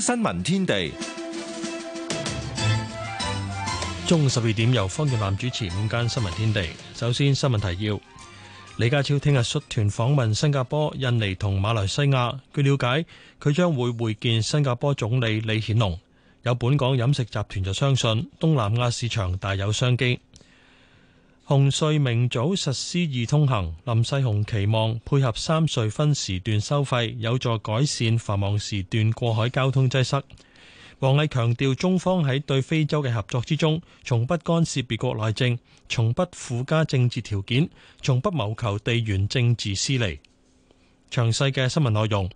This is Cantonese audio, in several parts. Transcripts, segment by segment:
新聞天地，中午十二點由方耀南主持《午間新聞天地》。首先新聞提要：李家超聽日率團訪問新加坡、印尼同馬來西亞。據了解，佢將會會見新加坡總理李顯龍。有本港飲食集團就相信東南亞市場大有商機。紅隧明早實施易通行，林世雄期望配合三隧分時段收費，有助改善繁忙時段過海交通擠塞。王毅強調，中方喺對非洲嘅合作之中，從不干涉別國內政，從不附加政治條件，從不謀求地緣政治私利。詳細嘅新聞內容，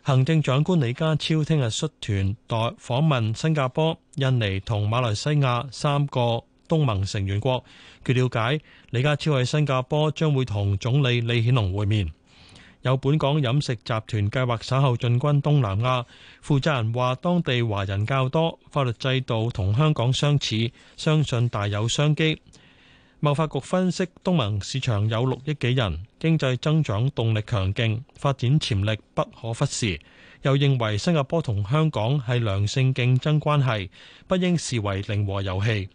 行政長官李家超聽日率團代訪問新加坡、印尼同馬來西亞三個東盟成員國，據了解，李家超喺新加坡將會同總理李顯龍會面。有本港飲食集團計劃稍後進軍東南亞，負責人話當地華人較多，法律制度同香港相似，相信大有商機。貿發局分析，東盟市場有六億幾人，經濟增長動力強勁，發展潛力不可忽視。又認為新加坡同香港係良性競爭關係，不應視為零和遊戲。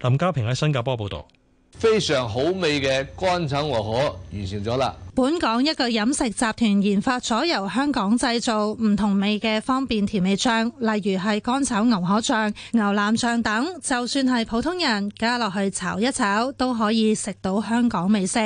林家平喺新加坡報道，非常好味嘅乾炒牛河完成咗啦。本港一個飲食集團研發咗由香港製造唔同味嘅方便甜味醬，例如係乾炒牛河醬、牛腩醬等，就算係普通人加落去炒一炒，都可以食到香港美食。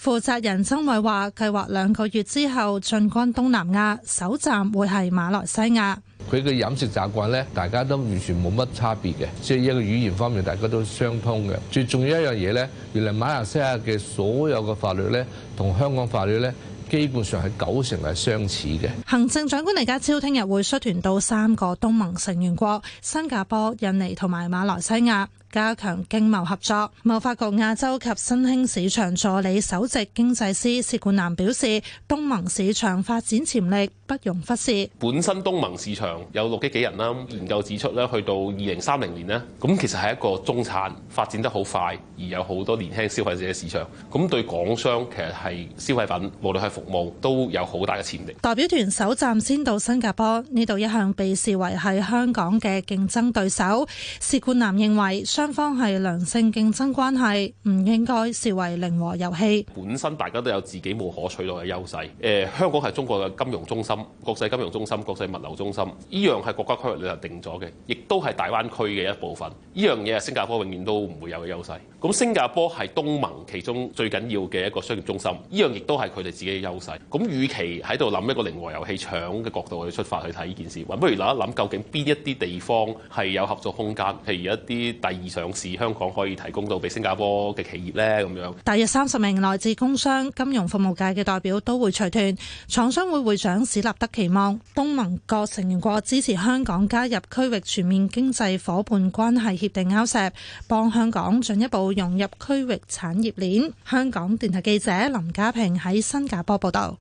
負責人曾偉話，計劃兩個月之後進軍東南亞，首站會係馬來西亞。佢嘅飲食習慣咧，大家都完全冇乜差別嘅，即係一個語言方面，大家都相通嘅。最重要一樣嘢咧，原來馬來西亞嘅所有嘅法律咧，同香港法律咧，基本上係九成係相似嘅。行政長官李家超聽日會率團到三個東盟成員國：新加坡、印尼同埋馬來西亞。加強經貿合作，貿發局亞洲及新興市場助理首席經濟師薛冠南表示，東盟市場發展潛力不容忽視。本身東盟市場有六億幾人啦，研究指出呢，去到二零三零年呢，咁其實係一個中產發展得好快，而有好多年輕消費者嘅市場，咁對港商其實係消費品，無論係服務都有好大嘅潛力。代表團首站先到新加坡，呢度一向被視為係香港嘅競爭對手。薛冠南認為。雙方係良性競爭關係，唔應該視為零和遊戲。本身大家都有自己冇可取代嘅優勢。誒、呃，香港係中國嘅金融中心、國際金融中心、國際物流中心，呢樣係國家區域裏頭定咗嘅，亦都係大灣區嘅一部分。呢樣嘢係新加坡永遠都唔會有嘅優勢。咁新加坡係東盟其中最緊要嘅一個商業中心，呢樣亦都係佢哋自己嘅優勢。咁，與其喺度諗一個零和遊戲搶嘅角度去出發去睇呢件事，不如諗一諗究竟邊一啲地方係有合作空間？譬如一啲第二。上市香港可以提供到俾新加坡嘅企業咧，咁樣大約三十名來自工商、金融服務界嘅代表都會隨團。廠商會會長史立德期望，東盟各成員國支持香港加入區域全面經濟夥伴關係協定勾石，幫香港進一步融入區域產業鏈。香港電台記者林家平喺新加坡報道。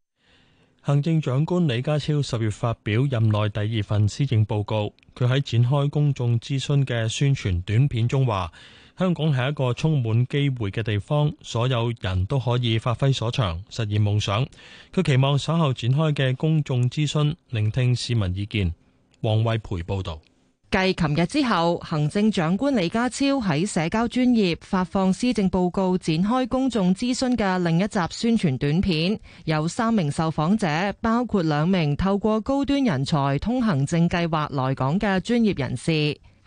行政長官李家超十月發表任內第二份施政報告，佢喺展開公眾諮詢嘅宣傳短片中話：香港係一個充滿機會嘅地方，所有人都可以發揮所長，實現夢想。佢期望稍後展開嘅公眾諮詢，聆聽市民意見。王慧培報道。繼琴日之後，行政長官李家超喺社交專業發放施政報告展開公眾諮詢嘅另一集宣傳短片，有三名受訪者，包括兩名透過高端人才通行證計劃來港嘅專業人士。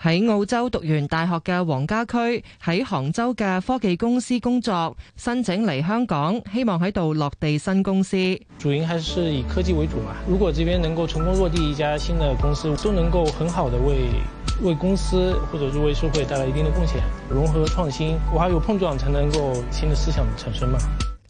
喺澳洲讀完大學嘅黃家駒喺杭州嘅科技公司工作，申請嚟香港，希望喺度落地新公司。主營還是以科技為主嘛？如果這邊能夠成功落地一家新的公司，都能夠很好的為為公司或者是為社會帶來一定的貢獻。融合創新，我還有碰撞，才能夠新的思想產生嘛。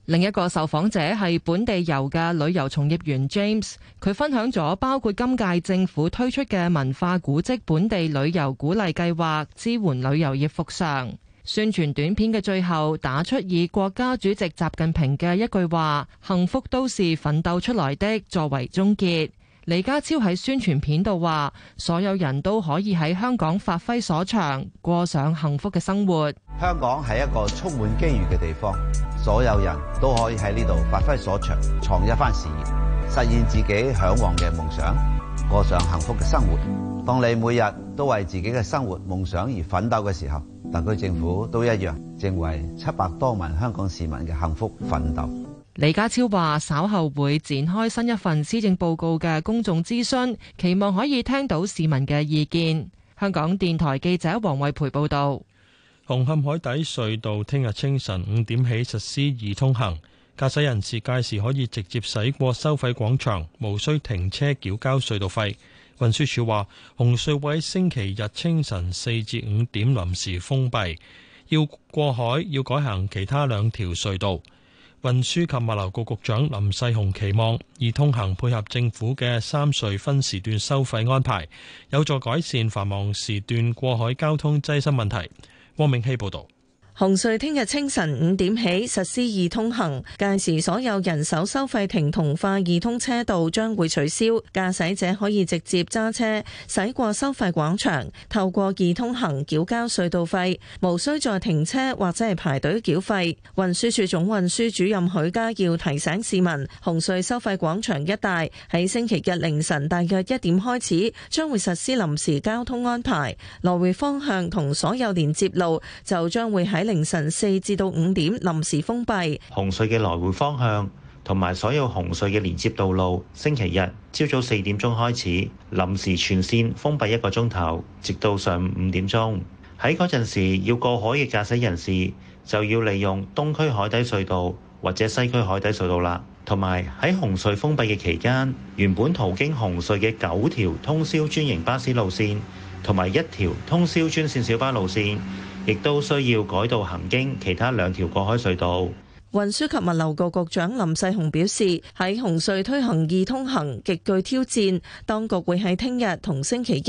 另一個受訪者係本地遊嘅旅遊從業員 James，佢分享咗包括今屆政府推出嘅文化古跡本地旅遊鼓勵計劃，支援旅遊業復常。宣傳短片嘅最後打出以國家主席習近平嘅一句話：「幸福都是奮鬥出來的」作為終結。李家超喺宣傳片度話：所有人都可以喺香港發揮所長，過上幸福嘅生活。香港係一個充滿機遇嘅地方，所有人都可以喺呢度發揮所長，創一番事業，實現自己向往嘅夢想，過上幸福嘅生活。當你每日都為自己嘅生活夢想而奮鬥嘅時候，特區政府都一樣，正為七百多萬香港市民嘅幸福奮鬥。李家超話，稍後會展開新一份施政報告嘅公眾諮詢，期望可以聽到市民嘅意見。香港電台記者黃惠培報道。紅磡海底隧道聽日清晨五點起實施易通行，駕駛人士屆時可以直接駛過收費廣場，無需停車繳交隧道費。運輸署話，紅隧會喺星期日清晨四至五點臨時封閉，要過海要改行其他兩條隧道。運輸及物流局局長林世雄期望，易通行配合政府嘅三隧分時段收費安排，有助改善繁忙時段過海交通擠塞問題。汪明希報道。紅隧聽日清晨五點起，實施易通行，屆時所有人手收費亭同化易通車道將會取消，駕駛者可以直接揸車駛過收費廣場，透過易通行繳交隧道費，無需再停車或者係排隊繳費。運輸署總運輸主任許家耀提醒市民，紅隧收費廣場一帶喺星期日凌晨大約一點開始，將會實施臨時交通安排，來回方向同所有連接路就將會喺。凌晨四至到五點臨時封閉紅隧嘅來回方向同埋所有紅隧嘅連接道路。星期日朝早四點鐘開始臨時全線封閉一個鐘頭，直到上午五點鐘。喺嗰陣時要過海嘅駕駛人士就要利用東區海底隧道或者西區海底隧道啦。同埋喺紅隧封閉嘅期間，原本途經紅隧嘅九條通宵專營巴士路線同埋一條通宵專線小巴路線，亦都需要改道行經其他兩條過海隧道。運輸及物流局局長林世雄表示，喺紅隧推行易通行極具挑戰，當局會喺聽日同星期一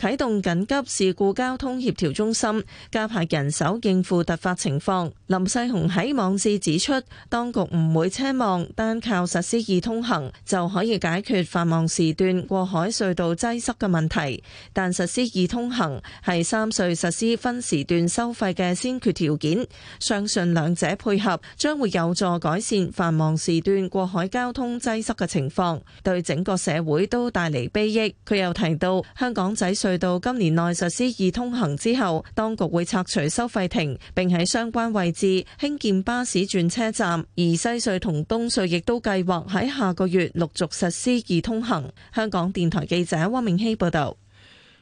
啟動緊急事故交通協調中心，加派人手應付突發情況。林世雄喺網誌指出，當局唔會奢望單靠實施易通行就可以解決繁忙時段過海隧道擠塞嘅問題，但實施易通行係三隧實施分時段收費嘅先決條件，相信兩者配合將會有助改善繁忙時段過海交通擠塞嘅情況，對整個社會都帶嚟裨益。佢又提到，香港仔隧道今年內實施易通行之後，當局會拆除收費亭，並喺相關位置興建巴士轉車站。而西隧同東隧亦都計劃喺下個月陸續實施易通行。香港電台記者汪明希報道。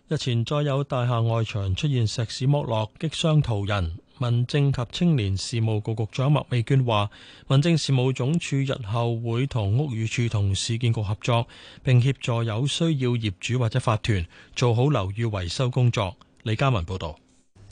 日前再有大廈外牆出現石屎剝落，擊傷途人。民政及青年事務局局長麥美娟話，民政事務總署日後會同屋宇署同市建局合作，並協助有需要業主或者法團做好樓宇維修工作。李嘉文報道。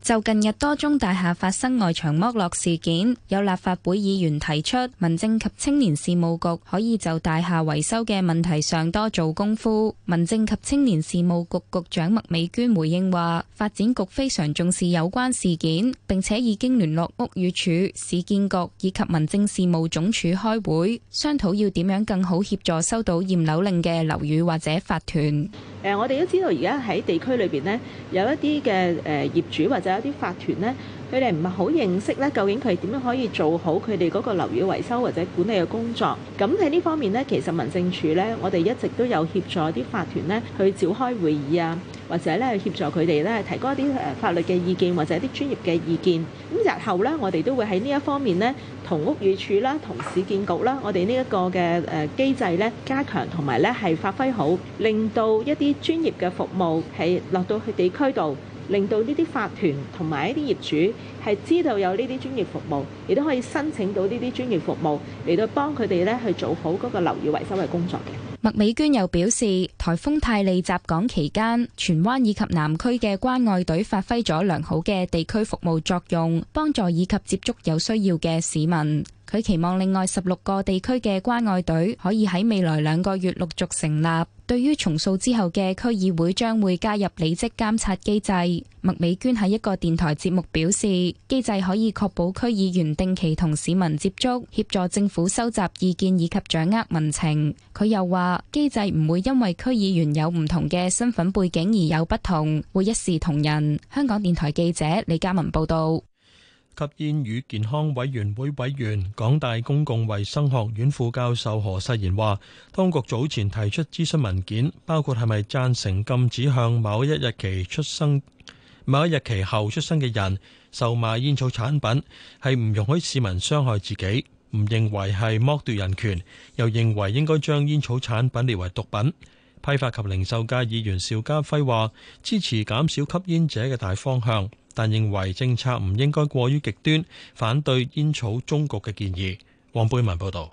就近日多宗大廈發生外牆剝落事件，有立法會議員提出，民政及青年事務局可以就大廈維修嘅問題上多做功夫。民政及青年事務局局長麥美娟回應話，發展局非常重視有關事件，並且已經聯絡屋宇署、市建局以及民政事務總署開會，商討要點樣更好協助收到驗樓令嘅樓宇或者法團誒、呃，我哋都知道而家喺地區裏邊咧，有一啲嘅誒業主或者有啲法團呢，佢哋唔係好認識呢，究竟佢點樣可以做好佢哋嗰個樓宇維修或者管理嘅工作？咁喺呢方面呢，其實民政處呢，我哋一直都有協助啲法團呢去召開會議啊，或者咧協助佢哋咧提供一啲誒法律嘅意見或者一啲專業嘅意見。咁日後呢，我哋都會喺呢一方面呢，同屋宇署啦，同市建局啦，我哋呢一個嘅誒機制咧加強和呢，同埋咧係發揮好，令到一啲專業嘅服務係落到去地區度。令到呢啲法團同埋一啲業主係知道有呢啲專業服務，亦都可以申請到呢啲專業服務嚟到幫佢哋咧去做好嗰個樓宇維修嘅工作嘅。麥美娟又表示，颱風泰利襲港期間，荃灣以及南區嘅關愛隊發揮咗良好嘅地區服務作用，幫助以及接觸有需要嘅市民。佢期望另外十六個地區嘅關愛隊可以喺未來兩個月陸續成立。對於重塑之後嘅區議會，將會加入履職監察機制。麥美娟喺一個電台節目表示，機制可以確保區議員定期同市民接觸，協助政府收集意見以及掌握民情。佢又話，機制唔會因為區議員有唔同嘅身份背景而有不同，會一視同仁。香港電台記者李嘉文報道。吸煙與健康委員會委員、港大公共衛生學院副教授何世賢話：當局早前提出諮詢文件，包括係咪贊成禁止向某一日期出生、某一日期後出生嘅人售賣煙草產品，係唔容許市民傷害自己，唔認為係剝奪人權，又認為應該將煙草產品列為毒品。批發及零售界議員邵家輝話：支持減少吸煙者嘅大方向。但認為政策唔應該過於極端，反對煙草中局嘅建議。黃貝文報導，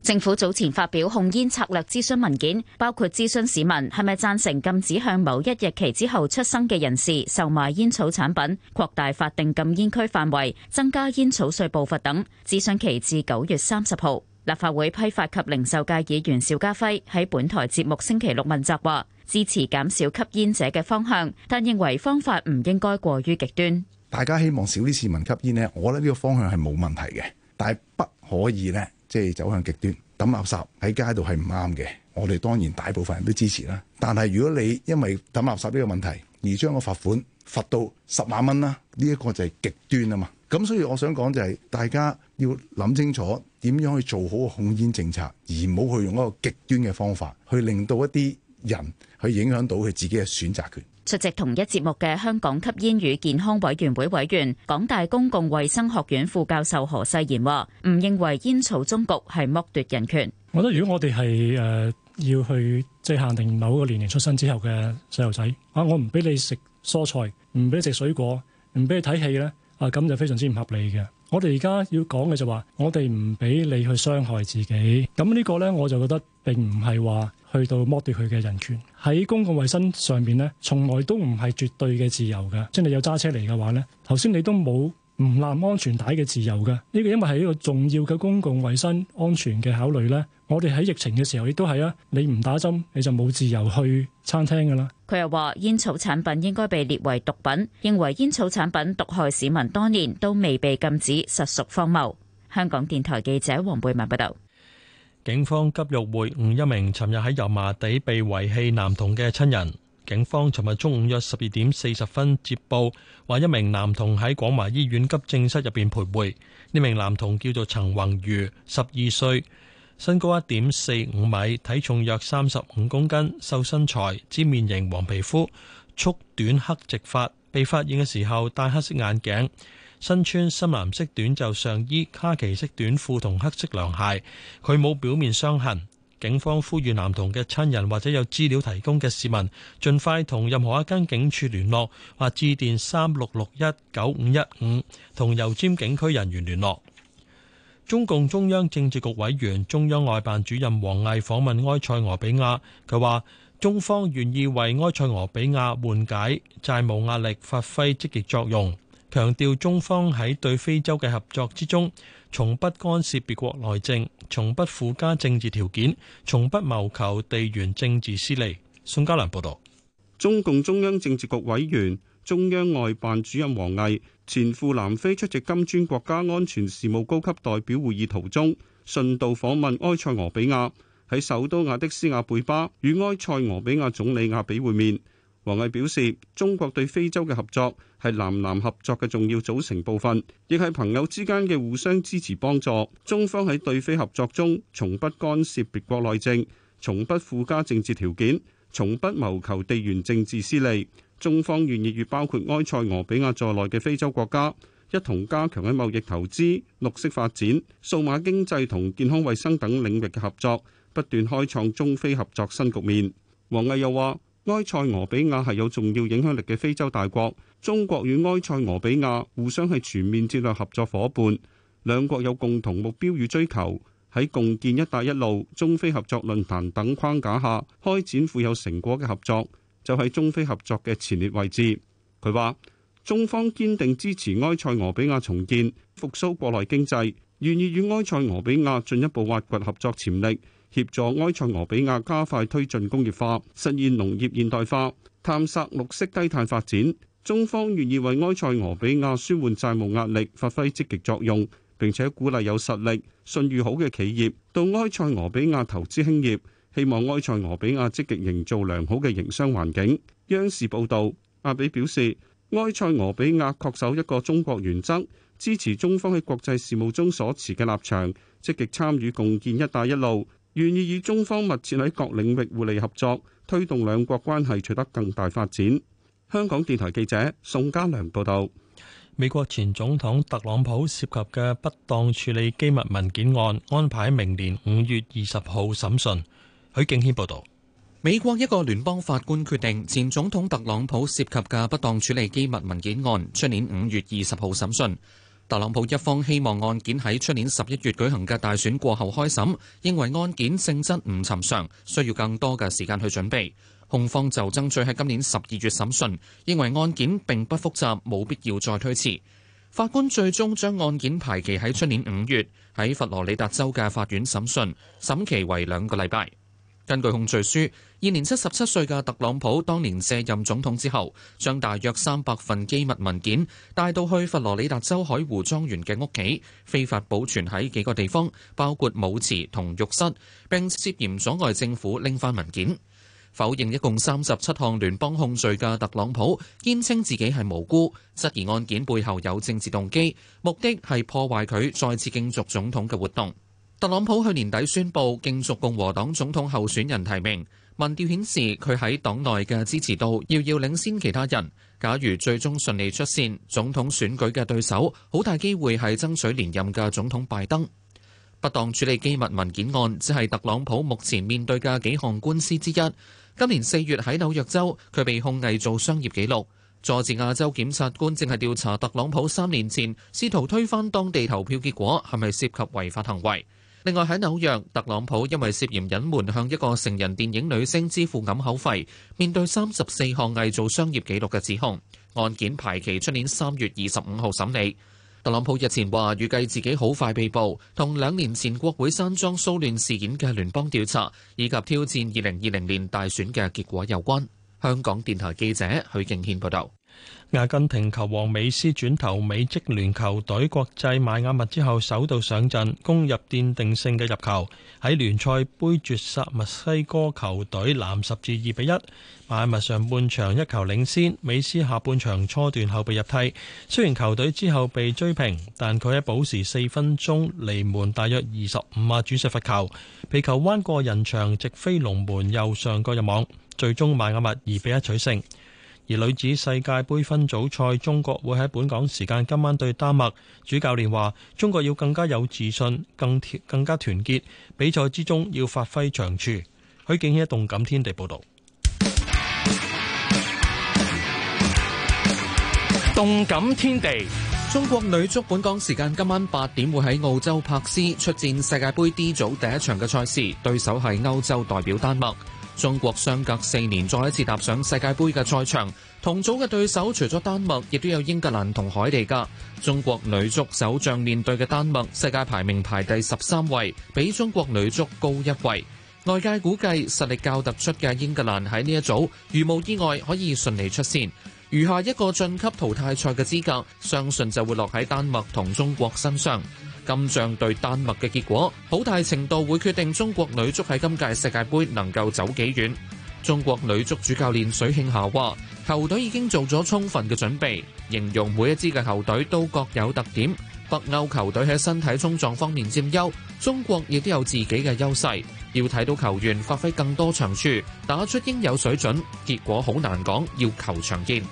政府早前發表控煙策略諮詢文件，包括諮詢市民係咪贊成禁止向某一日期之後出生嘅人士售賣煙草產品，擴大法定禁煙區範圍，增加煙草稅步伐等。諮詢期至九月三十號。立法會批發及零售界議員邵家輝喺本台節目星期六問責話，支持減少吸煙者嘅方向，但認為方法唔應該過於極端。大家希望少啲市民吸煙呢，我覺得呢個方向係冇問題嘅，但係不可以呢，即係走向極端，抌垃圾喺街度係唔啱嘅。我哋當然大部分人都支持啦，但係如果你因為抌垃圾呢個問題而將個罰款罰到十萬蚊啦，呢一個就係極端啊嘛。咁所以我想講就係大家要諗清楚點樣去做好控煙政策，而唔好去用一個極端嘅方法去令到一啲人去影響到佢自己嘅選擇權。出席同一節目嘅香港吸煙與健康委員會委員、港大公共衛生學院副教授何世賢話：唔認為煙草終局係剝奪人權。我覺得如果我哋係誒要去即係限定某個年齡出生之後嘅細路仔，啊我唔俾你食蔬菜，唔俾你食水果，唔俾你睇戲咧。啊，咁就非常之唔合理嘅。我哋而家要講嘅就話，我哋唔俾你去傷害自己。咁呢個呢，我就覺得並唔係話去到剝奪佢嘅人權。喺公共衛生上面呢，從來都唔係絕對嘅自由㗎。即係你有揸車嚟嘅話呢，頭先你都冇。唔攬安全帶嘅自由嘅，呢個因為係一個重要嘅公共衞生安全嘅考慮咧。我哋喺疫情嘅時候亦都係啊，你唔打針你就冇自由去餐廳嘅啦。佢又話：煙草產品應該被列為毒品，認為煙草產品毒害市民多年都未被禁止，實屬荒謬。香港電台記者黃貝文報道。警方急欲會晤一名尋日喺油麻地被遺棄男童嘅親人。警方尋日中午約十二點四十分接報，話一名男童喺廣華醫院急症室入邊徘徊。呢名男童叫做陳宏如，十二歲，身高一點四五米，體重約三十五公斤，瘦身材，尖面型，黃皮膚，束短黑直髮。被發現嘅時候戴黑色眼鏡，身穿深藍色短袖上衣、卡其色短褲同黑色涼鞋。佢冇表面傷痕。警方呼籲男童嘅親人或者有資料提供嘅市民，盡快同任何一間警署聯絡或致電三六六一九五一五，同油尖警區人員聯絡。中共中央政治局委員、中央外辦主任王毅訪問埃塞俄比亞，佢話：中方願意為埃塞俄比亞緩解債務壓力發揮積極作用，強調中方喺對非洲嘅合作之中，從不干涉別國內政。從不附加政治條件，從不謀求地緣政治私利。宋嘉良報導，中共中央政治局委員、中央外辦主任王毅前赴南非出席金磚國家安全事務高級代表會議途中，順道訪問埃塞俄比亞，喺首都亞的斯亞貝巴與埃塞俄比亞總理阿比會面。王毅表示，中國對非洲嘅合作係南南合作嘅重要組成部分，亦係朋友之間嘅互相支持幫助。中方喺對非合作中，從不干涉別國內政，從不附加政治條件，從不謀求地緣政治私利。中方願意與包括埃塞俄比亞在內嘅非洲國家一同加強喺貿易投資、綠色發展、數碼經濟同健康衛生等領域嘅合作，不斷開創中非合作新局面。王毅又話。埃塞俄比亞係有重要影響力嘅非洲大國，中國與埃塞俄比亞互相係全面戰略合作夥伴，兩國有共同目標與追求，喺共建一帶一路、中非合作論壇等框架下開展富有成果嘅合作，就係中非合作嘅前列位置。佢話：中方堅定支持埃塞俄比亞重建、復甦國內經濟，願意與埃塞俄比亞進一步挖掘合作潛力。協助埃塞俄比亞加快推進工業化，實現農業現代化，探索綠色低碳發展。中方願意為埃塞俄比亞舒緩債務壓力，發揮積極作用。並且鼓勵有實力、信譽好嘅企業到埃塞俄比亞投資興業。希望埃塞俄比亞積極營造良好嘅營商環境。央視報道，阿比表示，埃塞俄比亞恪守一個中國原則，支持中方喺國際事務中所持嘅立場，積極參與共建一帶一路。願意與中方密切喺各領域互利合作，推動兩國關係取得更大發展。香港電台記者宋家良報道。美國前總統特朗普涉及嘅不當處理機密文件案安排明年五月二十號審訊。許敬軒報道。美國一個聯邦法官決定前總統特朗普涉及嘅不當處理機密文件案，出年五月二十號審訊。特朗普一方希望案件喺出年十一月舉行嘅大選過後開審，認為案件性質唔尋常，需要更多嘅時間去準備。控方就爭取喺今年十二月審訊，認為案件並不複雜，冇必要再推遲。法官最終將案件排期喺出年五月喺佛羅里達州嘅法院審訊，審期為兩個禮拜。根據控罪書，現年七十七歲嘅特朗普當年卸任總統之後，將大約三百份機密文件帶到去佛羅里達州海湖莊園嘅屋企，非法保存喺幾個地方，包括舞池同浴室，並涉嫌阻礙政府拎翻文件。否認一共三十七項聯邦控罪嘅特朗普，堅稱自己係無辜，質疑案件背後有政治動機，目的係破壞佢再次競逐總統嘅活動。特朗普去年底宣布競逐共和黨總統候選人提名，民調顯示佢喺黨內嘅支持度遙遙領先其他人。假如最終順利出線，總統選舉嘅對手好大機會係爭取連任嘅總統拜登。不當處理機密文件案，只係特朗普目前面對嘅幾項官司之一。今年四月喺紐約州，佢被控偽造商業記錄。佐治亞州檢察官正係調查特朗普三年前試圖推翻當地投票結果，係咪涉及違法行為？另外喺紐約，特朗普因為涉嫌隱瞞向一個成人電影女星支付暗口費，面對三十四項偽造商業紀錄嘅指控，案件排期出年三月二十五號審理。特朗普日前話預計自己好快被捕，同兩年前國會山莊騷亂事件嘅聯邦調查以及挑戰二零二零年大選嘅結果有關，香港電台記者許敬軒報道。阿根廷球王美斯轉投美職聯球隊國際邁阿密之後，首度上陣攻入奠定勝嘅入球，喺聯賽盃絕殺墨西哥球隊藍十字二比一，邁阿密上半場一球領先，美斯下半場初段後備入替。雖然球隊之後被追平，但佢喺補時四分鐘離門大約二十五碼，主射罰球，皮球彎過人牆，直飛龍門右上角入網，最終邁阿密二比一取勝。而女子世界杯分組賽，中國會喺本港時間今晚對丹麥。主教練話：中國要更加有自信，更更加團結，比賽之中要發揮長處。許景欣動感天地報道。動感天地，中國女足本港時間今晚八點會喺澳洲柏斯出戰世界杯 D 組第一場嘅賽事，對手係歐洲代表丹麥。中國相隔四年再一次踏上世界杯嘅賽場，同組嘅對手除咗丹麥，亦都有英格蘭同海地㗎。中國女足首仗面對嘅丹麥，世界排名排第十三位，比中國女足高一位。外界估計實力較突出嘅英格蘭喺呢一組，如無意外可以順利出線，餘下一個晉級淘汰賽嘅資格，相信就會落喺丹麥同中國身上。今仗對丹麥嘅結果，好大程度會決定中國女足喺今屆世界盃能夠走幾遠。中國女足主教練水慶霞話，球隊已經做咗充分嘅準備，形容每一支嘅球隊都各有特點。北歐球隊喺身體衝撞方面佔優，中國亦都有自己嘅優勢。要睇到球員發揮更多長處，打出應有水準。結果好難講，要球場見。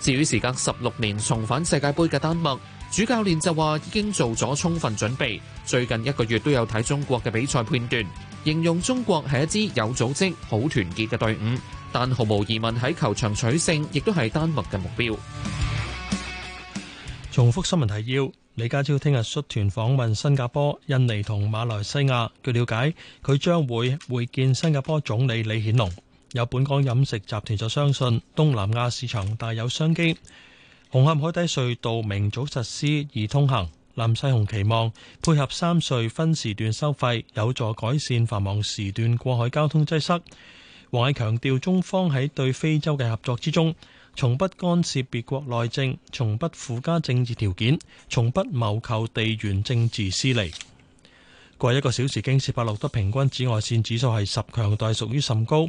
至於時隔十六年重返世界盃嘅丹麥。主教練就話已經做咗充分準備，最近一個月都有睇中國嘅比賽片段，形容中國係一支有組織、好團結嘅隊伍，但毫無疑問喺球場取勝，亦都係丹麥嘅目標。重複新聞提要：李家超聽日率團訪問新加坡、印尼同馬來西亞。據了解，佢將會會見新加坡總理李顯龍。有本港飲食集團就相信東南亞市場大有商機。紅磡海底隧道明早實施易通行，林世雄期望配合三隧分時段收費，有助改善繁忙時段過海交通擠塞。王毅強調，中方喺對非洲嘅合作之中，從不干涉別國內政，從不附加政治條件，從不謀求地緣政治私利。過一個小時，京士柏錄得平均紫外線指數係十，強度係屬於甚高。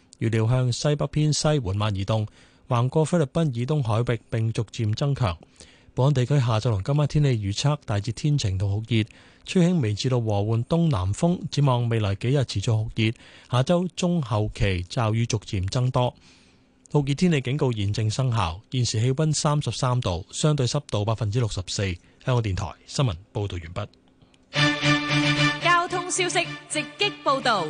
預料向西北偏西緩慢移動，橫過菲律賓以東海域，並逐漸增強。本港地區下晝同今晚天氣預測大致天晴到酷熱，吹輕微至到和緩東南風，展望未來幾日持續酷熱，下周中後期驟雨逐漸增多。酷熱天氣警告現正生效，現時氣溫三十三度，相對濕度百分之六十四。香港電台新聞報道完畢。交通消息直擊報道。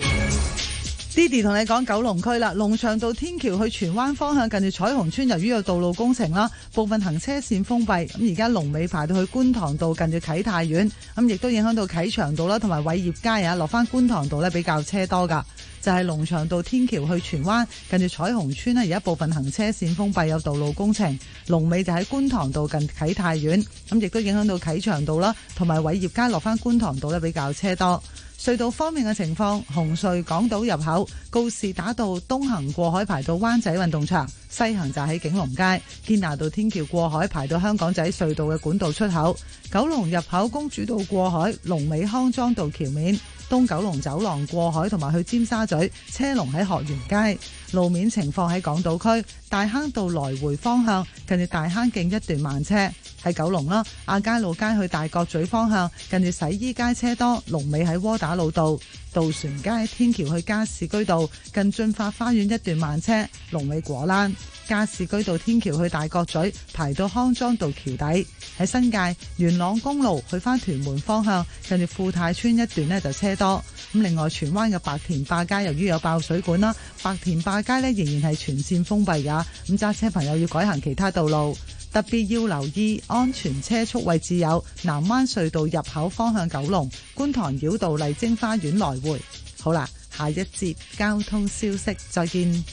Didi 同你講九龍區啦，龍翔道天橋去荃灣方向近住彩虹村，由於有道路工程啦，部分行車線封閉。咁而家龍尾排到去觀塘道近住啟泰苑，咁亦都影響到啟祥道啦，同埋偉業街啊，落翻觀塘道咧比較車多噶。就係龍翔道天橋去荃灣近住彩虹村呢，而家部分行車線封閉，有道路工程。龍尾就喺觀塘道近啟泰苑，咁亦都影響到啟祥道啦，同埋偉業街落翻觀塘道咧比較車多。隧道方面嘅情況，紅隧港島入口告士打道東行過海排到灣仔運動場，西行就喺景隆街堅拿道天橋過海排到香港仔隧道嘅管道出口；九龍入口公主道過海，龍尾康莊道橋面東九龍走廊過海同埋去尖沙咀車龍喺學園街。路面情況喺港島區大坑道來回方向近住大坑徑一段慢車，喺九龍啦；亞皆老街去大角咀方向近住洗衣街車多，龍尾喺窩打老道；渡船街天橋去加士居道近進發花園一段慢車，龍尾果欄；加士居道天橋去大角咀排到康莊道橋底，喺新界元朗公路去返屯門方向近住富泰村一段呢，就車多。咁另外荃灣嘅白田壩街由於有爆水管啦，白田壩。街呢仍然係全線封閉㗎，咁揸車朋友要改行其他道路，特別要留意安全車速位置有南灣隧道入口方向九龍觀塘繞道麗晶花園來回。好啦，下一節交通消息，再見。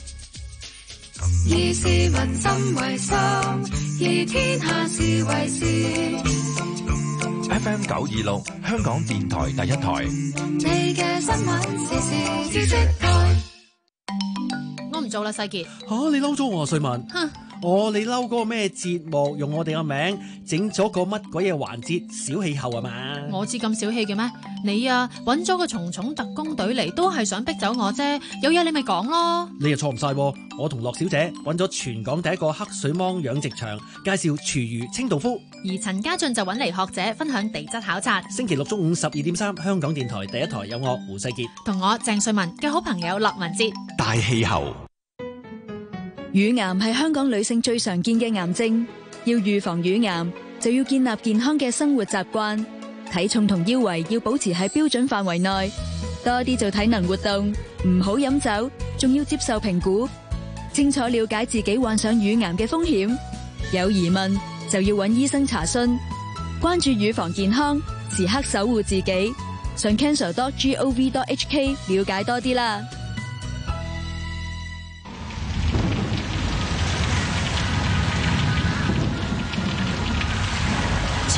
以市民心為心，以天下事為事。F M 九二六，香港電台第一台。你嘅新聞時事知識台。時時做啦，世杰。吓，你嬲咗我啊，瑞文。哼，哦，你嬲嗰個咩節目用我哋個名整咗個乜鬼嘢環節？小氣候啊嘛。我知咁小氣嘅咩？你啊，揾咗個蟲蟲特工隊嚟，都係想逼走我啫。有嘢你咪講咯。你又錯唔晒。我同駱小姐揾咗全港第一個黑水芒養殖場，介紹廚餘清道夫。而陳家俊就揾嚟學者分享地質考察。星期六中午十二點三，香港電台第一台有我胡世杰，同我鄭瑞文嘅好朋友立文節。大氣候。乳癌係香港女性最常見嘅癌症，要預防乳癌就要建立健康嘅生活習慣，體重同腰圍要保持喺標準範圍內，多啲做體能活動，唔好飲酒，仲要接受評估，清楚了解自己患上乳癌嘅風險，有疑問就要揾醫生查詢，關注乳房健康，時刻守護自己，上 cancer.gov.hk 了解多啲啦。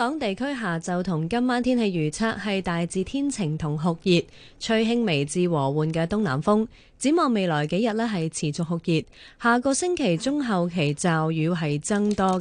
港地區下晝同今晚天氣預測係大致天晴同酷熱，吹輕微至和緩嘅東南風。展望未來幾日咧，係持續酷熱，下個星期中後期驟雨係增多。